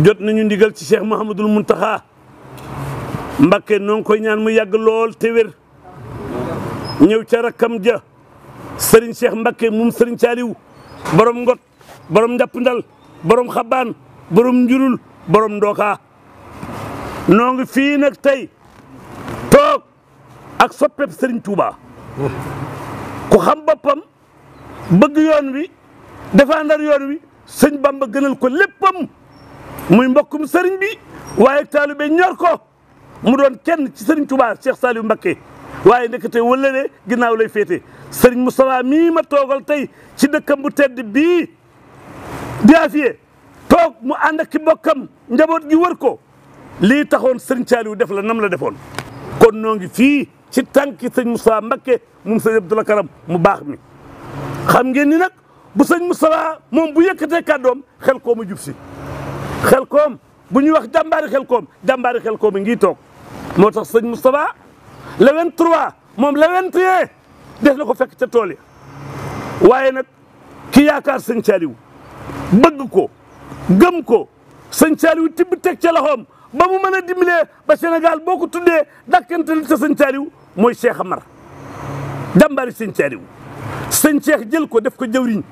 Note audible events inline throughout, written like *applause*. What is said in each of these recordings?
jot nañu ndigal ci cheikh muntaha mbacke non koy ñaan mu yag lol te wer ñew ci rakam ja serigne cheikh mbacke mum serigne chaliw borom ngot borom ndal borom xaban borom njurul borom ndoka nong ngi fii nag tey toog ak soppe serigne touba ku xam bopam bëgg yoon wi defandar yoon wi serigne bamba gënal ko leppam muy mbokkum sëriñ bi waaye be ñor ko mu doon kenn ci sëriñ Touba Cheikh Saliou Mbacké waaye ndekete wëllëre ginnaaw lay féete sëriñ Moustapha mii ma toogal tey ci dëkkam bu tedd bi di Afiyé toog mu ànd ak ki bokkam njaboot gi wër ko lii taxoon sëriñ Saliou def la nam la defoon kon noo ngi fii ci tànki sëñ Moustapha Mbacké moom sëñ Abdoulaye Karam mu baax mi xam ngeen ni nag bu sëñ Moustapha moom bu yëkkatee kàddoom xel koo mu jub si xel koom bu ñuy wax jàmbaari xel koom jàmbaari xel koom ngi toog moo tax sëñ Moustapha le 23 moom le 21 def na ko fekk ca tool yi waaye nag ki yaakaar sëñ Saliou bëgg ko gëm ko sëñ Saliou tibb teg ca loxoom ba mu mën a dimbalee ba Sénégal boo ko tuddee dàkkantal ca sëñ Saliou mooy Cheikh Amar jàmbaari sëñ Saliou sëñ Cheikh jël ko def ko jëwriñ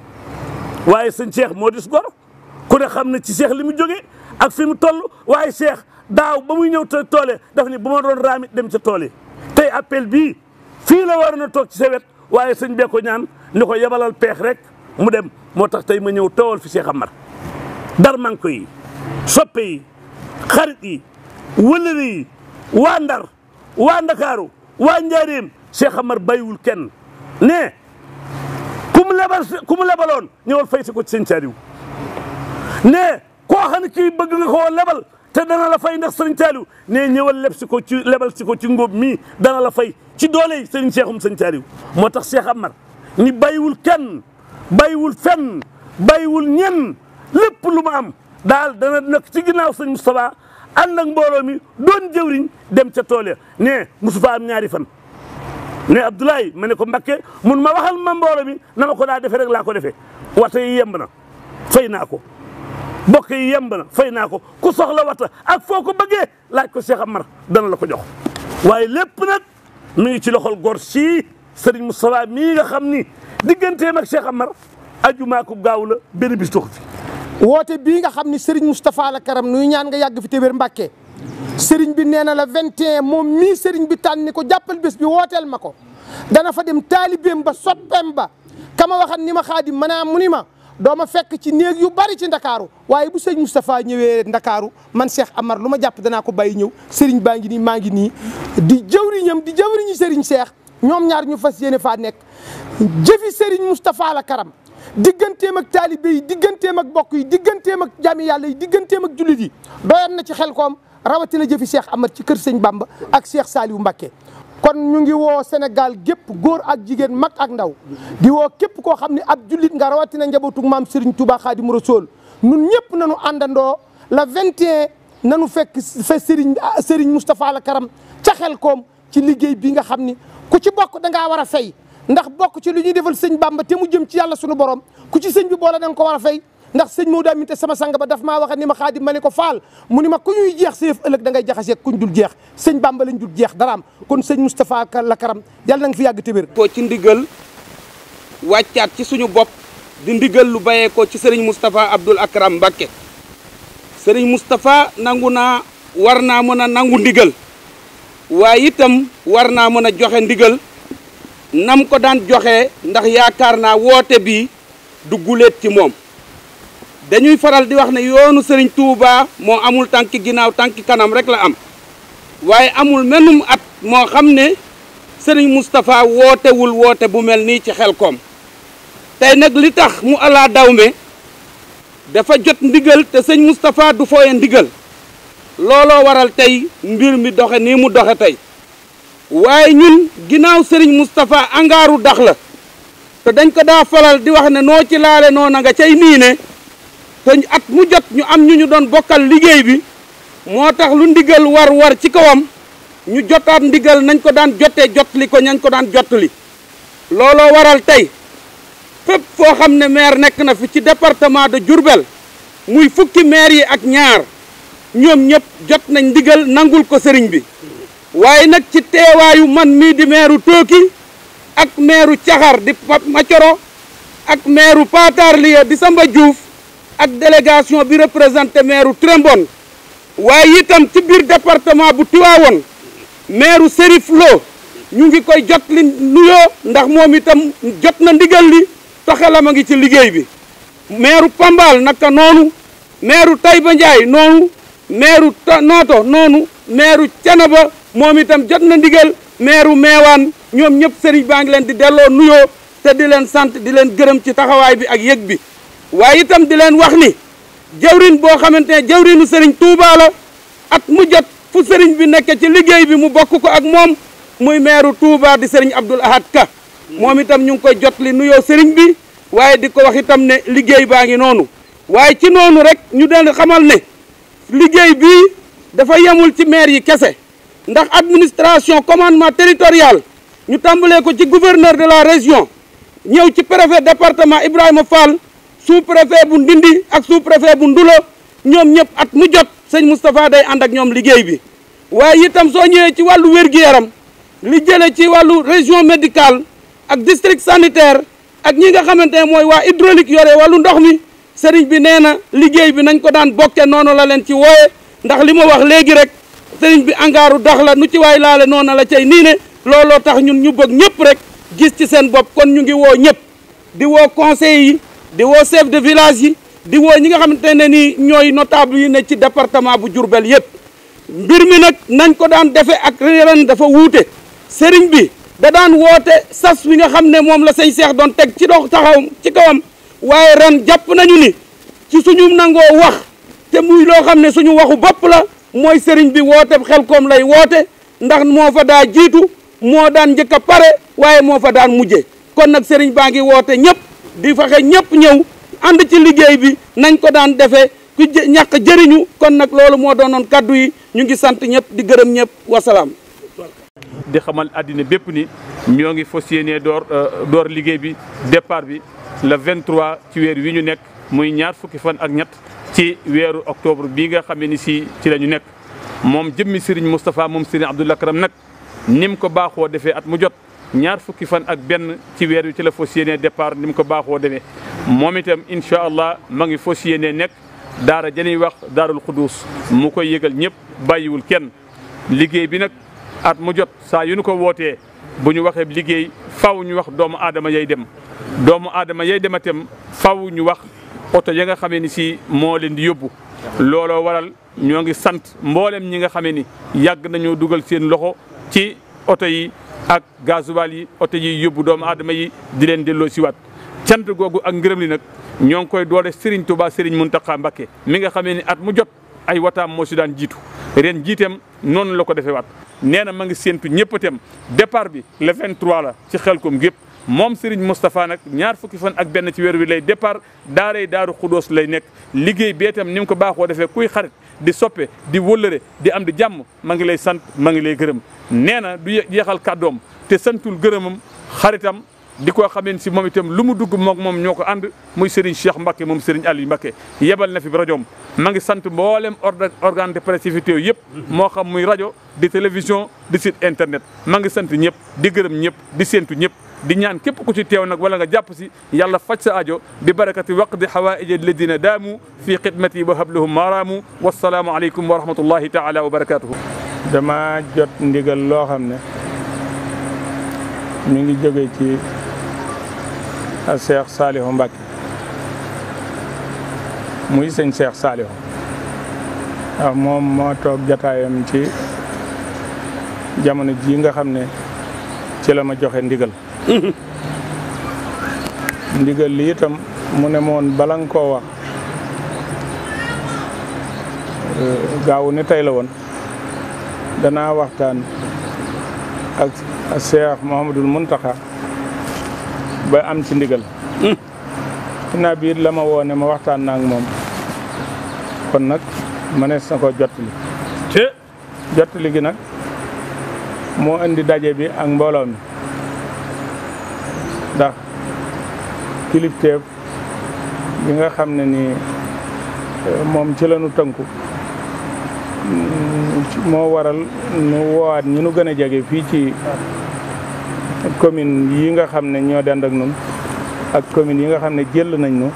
waaye sëñ Cheikh moo dis gor ku ne xam na ci Cheikh li mu jóge ak fi mu toll waaye Cheikh daaw ba muy ñëw te tool daf ni bu ma doon raami dem ca tool yi tey appel bii fii la war a toog ci sa wet waaye sëñ bee ko ñaan ni ko yebalal peex rek mu dem moo tax tey ma ñëw toowal fi Cheikh Amar darmanko yi soppe yi xarit yi wëllëri yi waa Ndar waa Ndakaaru waa Njaaréem Cheikh Amar bàyyiwul kenn ne ku mu lebal ku mu lebaloon ñëwal fay si ko ci sëñ Saaliw ne koo xam ne kii bëgg nga koo lebal te dana fay ndax sëriñ Saliou ne ñëwal leb si ko ci lebal si ko ci ngóob mi dana la fay ci doole yi sëriñ Cheikhum sëriñ Saliou moo tax Cheikh Amar ni bàyyiwul kenn bàyyiwul fenn bàyyiwul ñenn lépp lu mu am daal dana nekk ci ginnaaw sëriñ Moustapha ànd ak mbooloo mi doon jëwriñ dem ca tool ya ne mosu fa am ñaari fan ne Abdoulaye ma ne ko Mbakke mun ma waxal ma mbooloo mi na ma ko daa defee rek laa ko defee wate yi yemb na fay naa ko mbokk yi yemb na fay naa ko ku soxla wata ak foo ko bëggee laaj ko Cheikh Amar dana la ko jox waaye lépp nag mi ngi ci loxol gor sii Serigne Moustapha mii nga xam ni digganteem ak Cheikh Amar ajumaa ko gaaw la benn bis tox fi woote bii nga xam ni Serigne Moustapha la karam nuy ñaan nga yàgg fi te wér seriñ bi nee na la 21 moom mi Serigne bi tànn ni ko jàppal bés bi wooteel ma ko dana fa dem taalibeem ba soppeem ba kama waxan ni ma xaadim manaam mu ni ma doo ma fekk ci néeg yu bari ci ndakaaru waaye bu sëñ Moustapha ñëwee ndakaaru man Cheikh Amar lu ma jàpp danaa ko bàyyi ñëw sëriñ baa ngi nii maa ngi nii di jëwriñam di jëwriñu sëriñ Cheikh ñoom ñaar ñu fas yéene faa nekk jëfi sëriñ Moustapha la karam digganteem ak taalibe yi digganteem ak bokk yi digganteem ak jaami yàlla yi digganteem ak jullit yi na ci xel koom rawatina jëfi Cheikh Amar ci kër sëñ Bamba ak Cheikh Saliou Mbacké kon ñu ngi woo Sénégal gépp góor ak jigéen mag ak ndaw di woo képp koo xam ne ak jullit nga rawatina njabootu maam Serigne Touba Khadim Rasoul nun ñëpp nañu àndandoo la 21 nañu fekk fa Serigne Serigne Moustapha la Karam ca xel koom ci liggéey bii nga xam ni ku ci bokk da ngaa war a fay ndax bokk ci lu ñuy defal sëñ Bamba te mu jëm ci yàlla sunu borom ku ci sëñ bi boole da nga ko war a fay. ndax seigne Maodo Aminta sama sang ba daf ma wax ni ma khadim maniko fal muni ma ku ñuy jeex seuf euleuk da ngay jaxase kuñ dul jeex seigne Bamba lañ dul jeex daraam kon seigne mustapha la karam yalla nga fi yag tebir ko ci ndigal waccat ci suñu bop di ndigal lu baye ko ci seigne mustapha abdul Akram Mbacké seigne mustapha nanguna warna war nangu ndigal waye itam warna naa joxe ndigal nam ko daan joxe ndax yaakar na wote bi du gulet ci mom dañuy faral di wax ne yoonu sëriñ Touba moo amul tànki ginnaaw tànki kanam rek la am waaye amul menum at moo xam ne sëriñ Moustapha wootewul woote bu mel nii ci xel koom tey nag li tax mu alaa dawme dafa jot ndigal te sëñ mustafa du fooye ndigal looloo waral tey mbir mi doxe nii mu doxe tey waaye ñun ginnaaw sëriñ Moustapha angaaru dax la te dañ ko daa faral di wax ne noo ci laale noona nga cay miine te at mu jot ñu am ñu ñu doon bokkal liggéey bi motax lu ndigal war war ci kawam ñu jotaat ndigal nañ ko daan jotee jotli ko ñan ko daan jotli lolo waral tay, fep fo xamne ne maire nek na fi ci département de Djourbel muy fukki maire yi ak ñaar ñom ñep jot nañ ndigal nangul ko sëriñ bi waye nak ci man mi di maireu Toki ak maireu chahar di Macoro ak maireu Patar di Samba Diouf ak délégation bi représenté maire Trembone waaye itam ci biir département bu Tivaouane maire Serif Lo ñu ngi koy jot li nuyoo ndax moom itam jot na ndigal li toxalam a ngi ci liggéey bi maire Pambal naka noonu maire Taïba Ndiaye noonu maire Noto noonu maire Thiénaba moom itam jot na ndigal maire Meewaan ñoom ñëpp sëriñ baa ngi leen di delloo nuyoo te di leen sant di leen gërëm ci taxawaay bi ak yëg bi waaye itam di leen wax ni jawrin boo xamante ne jawrinu sëriñ Touba la at mu jot fu sëriñ bi nekk ci liggéey bi mu bokk ko ak moom muy meeru Touba di sëriñ Abdoul Ahad Ka moom itam ñu ngi koy jot li nuyoo sëriñ bi waaye di ko wax itam ne liggéey baa ngi noonu waaye ci noonu rek ñu dal xamal ne liggéey bii dafa yemul ci maire yi kese ndax administration commandement territorial ñu tàmbalee ko ci gouverneur de la région ñëw ci préfet département Ibrahima Fall sous préfet bu Ndindi ak sous préfet bu Ndulo ñoom ñëpp at mu jot sëñ Moustapha day ànd ak ñoom liggéey bi waaye itam soo ñëwee ci wàllu wér yaram li jële ci wàllu région médicale ak district sanitaire ak ñi nga xamante ne mooy waa hydraulique yore wàllu ndox mi sëriñ bi nee na liggéey bi nañ ko daan bokke noonu la leen ci wooye ndax li ma wax léegi rek seriñ bi angaaru dax la nu ci waay laale noonu la cay nii ne looloo tax ñun ñu bëgg ñëpp rek gis ci seen bopp kon ñu ngi woo ñëpp di woo conseil yi di woo chef de village yi di woo ñi nga xamante ne ni ñooy notable yi ne ci département bu Diourbel yëpp mbir mi nag nañ ko daan defee ak ren dafa wuute sëriñ bi da daan woote sas bi nga xam ne moom la sëñ Seex doon teg ci dox taxaw ci kawam waaye ren jàpp nañu ni ci suñu nangoo wax te muy loo xam ne suñu waxu bopp la mooy sëriñ bi woote xel Xelkom lay woote ndax moo fa daa jiitu moo daan njëkk a pare waaye moo fa daan mujje kon nag sëriñ baa ngi woote ñëpp di fexe ñëpp ñëw ànd ci liggéey bi nañ ko daan defee ku ñàkk jëriñu kon nag loolu moo doonoon kàddu yi ñu ngi sant ñëpp di gërëm ñëpp wasalaam. di xamal àddina bépp ni ñoo ngi fas yéenee door euh, door liggéey bi départ bi le 23 ci weer wi ñu nekk muy ñaar fukki fan ak ñett ci weeru octobre bii nga xamee ni si ci la ñu nekk moom jëmmi Serigne Moustapha moom Serigne Abdoul Akram nag nim ko baaxoo defee at mu jot. ñaar fukki fan ak benn ci weer wi ci la fas yéenee départ ni mu ko baaxoo demee moom itam incha allah ma ngi fas yéenee nekk daara januy wax daarul xuduus mu koy yëgal ñëpp bàyyiwul kenn liggéey bi nag at mu jot saa yu nu ko wootee bu ñu waxee liggéey faw ñu wax doomu aadama yay dem doomu aadama yay dem itam faw ñu wax oto ya nga xamee ni si moo leen di yóbbu looloo waral ñoo ngi sant mboolem ñi nga xamee ni yàgg nañoo dugal seen loxo ci oto yi ak gasoil yi oto yi yóbbu doomu aadama yi di leen delloo si waat cant googu ak ngërëm li nag ñoo ngi koy doole Serigne Touba Serigne Mountakha Mbacké mi nga xamee ni at mu jot ay wataam moo si daan jiitu ren jiiteem noonu la ko defee waat nee na ma ngi séentu ñëpp itam départ bi le 23 la ci xel Xelkom gépp moom Serigne Moustapha nag ñaar fukki fan ak benn ci weer wi lay départ daaray daaru Xudóos lay nekk liggéey bi itam ni mu ko baaxoo defee kuy xarit. di soppe di wëllëre di am di jàmm ma ngi lay sant ma ngi lay gërëm nee na du yeexal kàddoom te santul gërëmam xaritam di ko xamee si moom itam lu mu dugg mook moom ñoo ko ànd muy Serigne Cheikh Mbacke moom Serigne Aliou Mbacke yebal na fi rajoom ma sant mboolem organe de presse yi yëpp moo xam muy rajo di télévision di site internet ma ngi sant ñëpp di gërëm ñëpp di séentu ñëpp di ñaan képp ku ci téw nak wala nga jàpp ci yàlla fajj sa ajo bi barakati waqdi hawaij alladina damu fi khidmati wa hablahum maaraamu wasalaamu alaykum wa rahmatullahi taala wa barakatuh dama jot ndigal lo xamne mi ngi jóge ci Cheikh salih mbak muy sëñ Cheikh salih waaw mom mo tok jataayam ci jamono ji nga xamne ci lama joxe ndigal *laughs* ndigal li itam mu ne moon balan koo wax eh, gaaw ni tay la won dana waxtan ak Cheikh Mouhamadul muntaha ba am ci ndigal ginnaaw *laughs* bi la ma ma kon nak mané sa ko jotli jotli gi nak mo andi dajé bi ak mbolom ndax kilifteef yi nga xam ne nii euh, moom ci lañu tënku mm, moo waral nu woowaat ñi nu gën a jege fii ci commune yi nga xam ne ñoo dend ak nun ak commune yi nga xam ne jël nañ nu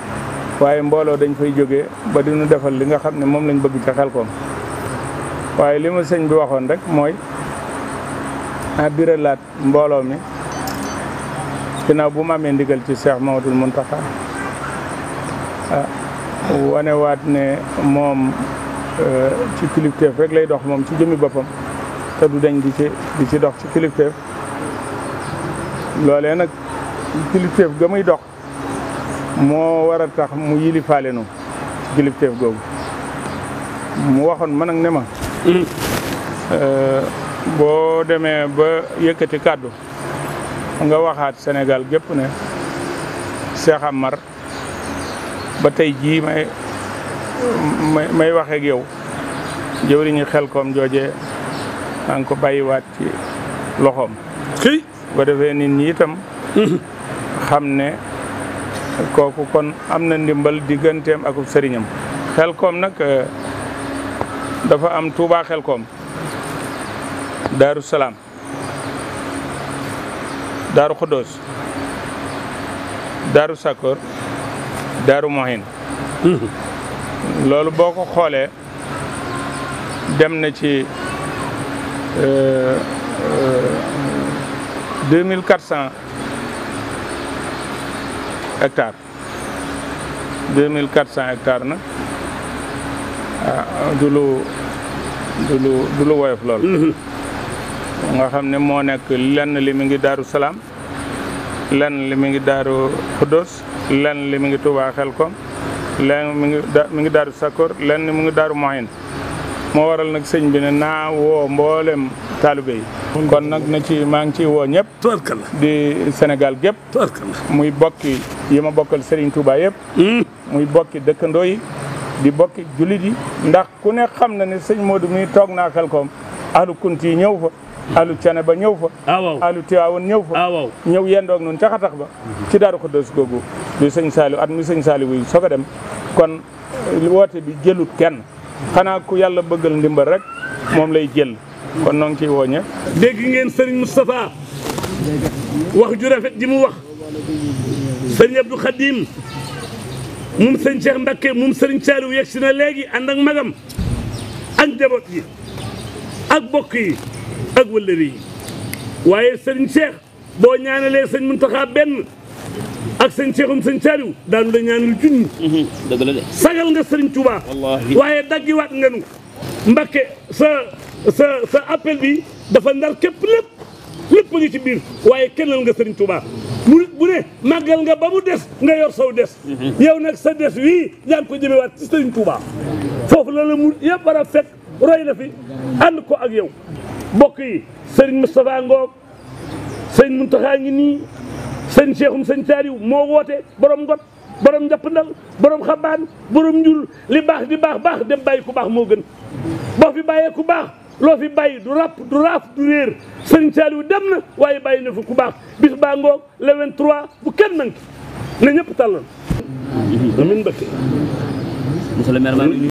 waaye mbooloo dañ fay jóge ba dinu defal li nga xam ne moom lañ bëgg ca Xelkom waaye li ma sëñ bi waxoon rek mooy a biralaat mbooloo mi ginnaaw bu ma amee ndigal ci Cheikh Mamadul Muntaxa ah, wanewaat ne moom eh, ci kilifteef rek lay dox moom ci jëmmi boppam te du dañ di ci dox ci kilifteef loolee nag kilifteef ga muy dox moo war a tax mu yilifaale nu ci kilifteef googu mu waxoon ma ak ne ma mm. eh, boo demee ba yëkkati kàddu nga waxaat Sénégal gépp ne Cheikh Amar ba tey jii may may may waxeek yow jëwriñu Xelcom jooje maa ngi ko bàyyiwaat ci loxoom. xëy bu ko defee nit ñi itam. Mhm. xam ne kooku kon am na ndimbal digganteem akub sëriñam. Xelcom nag eh, dafa am Touba Xelcom Daaru Salaam. daaru Khodoos daaru Sakor daaru Mohin. Mhm. loolu boo ko xoolee dem na ci euh, euh, deux mille quatre cent hectares deux mille quatre cent hectares nag ah du du lu woyof loolu. Mhm. nga xamne ne nek nekk lenn li mi ngi daru salam lenn li mi ngi daru xuddos lenn li mi ngi tuba xelkom lenn mi ngi mi ngi daru sakor lenn mi ngi daru moyen mo waral nak sëñ bi ne naa woo mboolem kon nak na ci mang ci wo ñep di Senegal gépp muy bokki yima ma bokkal sëriñ tuubaa yëpp hmm. muy bokki dekk ndoy di bokki julit yi ndax ku ne xamna na ne Modou mi tok na xelkom ahlu kunti ñew fa alu cene ba ñëw fa ah, alu tiwaawoon ñëw fa ah, ñëw yendoog noonu ca xatax ba ci daaru xuddoos googu di sëñ Saliou sëñ Saliou wuy soog dem kon woote bi jëlut kenn xanaa ku yàlla bëggal ndimbal rek moom lay jël kon noo ngi ciy wooñe dégg ngeen sëriñ Moustapha wax ju rafet ji mu wax sëriñ Abdou Khadim moom sëriñ Cheikh Mbacké moom si na léegi ànd ak magam ak njaboot yi ak bokk yi ak yi waaye sëriñ Cheikh boo ñaanalee sëñ Muntaxa benn ak sëñ Cheikhum sëñ Saliou daanu la ñaanal junni mhm, dëgg la sagal nga sëriñ Touba waaye daggiwaat nga nu Mbakke sa sa appel bi dafa ndar képp lépp lépp ngi ci biir waaye kennal nga sëriñ Touba mu bu ne màggal nga ba mu des nga yor saw des mhm. yow nag sa des wii yaa ngi ko jëmewaat ci sëriñ Touba foofu la la mu yëpp war a fekk roy la fi ànd ko ak yow mbokk yi sëriñ Moustapha Ngoog sëriñ Mountakha ngi nii sëriñ Cheikhoum sëriñ Saliou moo woote borom ngot borom njàppandal boroom xabaan borom njul li baax di baax baax dem bàyyi ku baax moo gën boo fi bàyyee ku baax loo fi bàyyi du ràpp du raaf du réer sëriñ Saliou dem na waaye bàyyi na fi ku baax bis baa ngoog le 23 bu kenn nanki na ñëpp tàllal amin mbëkke